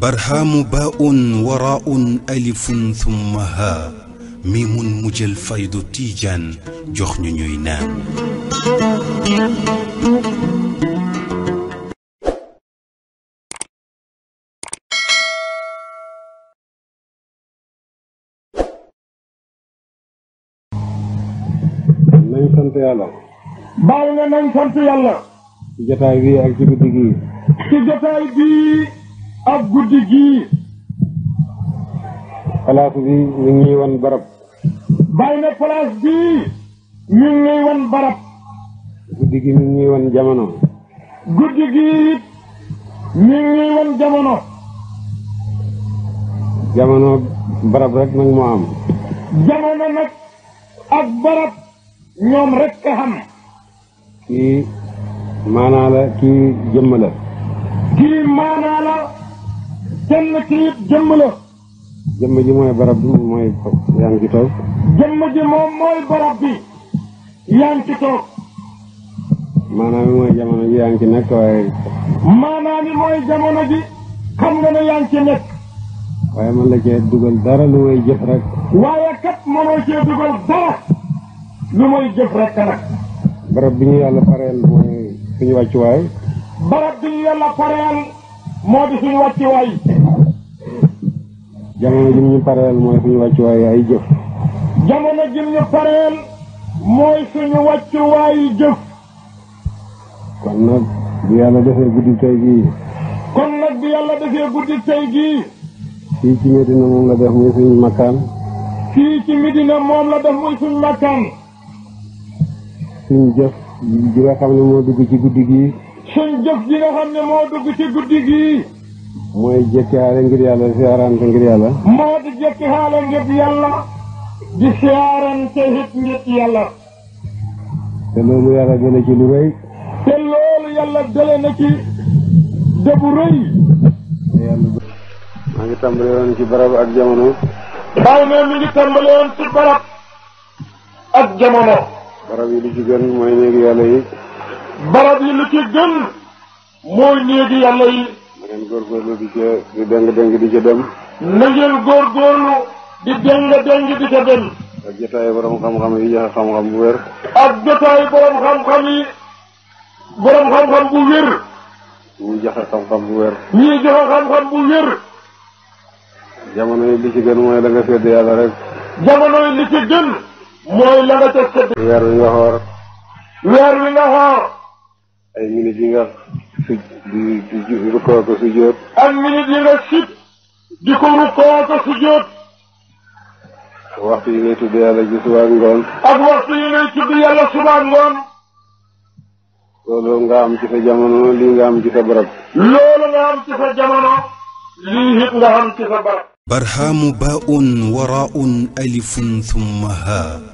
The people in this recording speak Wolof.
برهام باء وراء ألف ثم ها ميم مجل فيض تيجان جخن نوينا بارنا نانسانتي يالا جتاي بي اك جيبي ديغي جتاي بي ak guddi gii. place bi ñu ngi wan barab. bàyyi na place bii ñu ngi wan barab. guddi gi ñu ngi wan jamono. guddi gi it ngi wan jamono. jamono barab rek nag moo am. jamono nag ak barab ñoom rek ka xam. kii maanaa kii jëmm kii maanaa jëmm ci jëmm la. jëmm ji mooy barab bi moom mooy yaa ngi ci toog. jëmm ji moom mooy barab bi yaa ngi ci toog. maanaam mooy jamono ji yaa ngi ci nekk waaye. maanaam mooy jamono ji xam nga ne yaa ci nekk. waaye man la cee dugal dara lu may jëf rek. waaye kat mënoo cee dugal dara lu may jëf rek nag. barab bi ñu yàlla pareel mooy suñu wàccuwaay. barab bi ñu yàlla pareel. moo di suñu wàccuwaay. jamono jim ñu pareel mooy suñu wàccuwaay ay jëf. jamono jim ñu pareel mooy suñu wàccuwaay jëf. kon nag bu yàlla defee guddi tey gii. kon nag bu yàlla defee guddi tey gii. la def muy suñu makkaan. fii ci Medina moom la def muy suñu makkaan. suñu jëf ji xam ne moo dugg ci guddi gii. jëf ji nga xam ne moo dugg ci guddi gi. mooy jekki xaale ngir yàlla siyaarante ngir yàlla. moo di jekki xaale ngir yàlla. di siyaarante it ngir yàlla. te loolu yàlla dale na ci dëbu rëy. maa ngi tàmbale ci barab ak jamono. bàyyi ne mi ngi tàmbale ci barab ak jamono. barab yi lu ci gën mooy néegi yàlla yi. barab yi lu ci gën. mooy néegi yàlla yi. na ngeen góorgóorlu di ca di déng-déng di ca dem. na ngeen góorgóorlu di déng-déng di ca dem. ak jotaay borom xam-xam yi joxe xam-xam bu wér. ak jotaay borom xam-xam yi bu wér. ñuy joxe xam-xam bu wér. ñuy li ci gën mooy la nga sédd yàlla rek. jamono li ci gën. mooy la nga ca weer wi nga xoor. weer wi nga xoor. ay minutes yi nga. su di di nga am ci sa jamono lii nga am ci sa barab loolu nga am ci sa jamono lii nga am ci sa barab barhaamu baaun waraun alifun thumma haa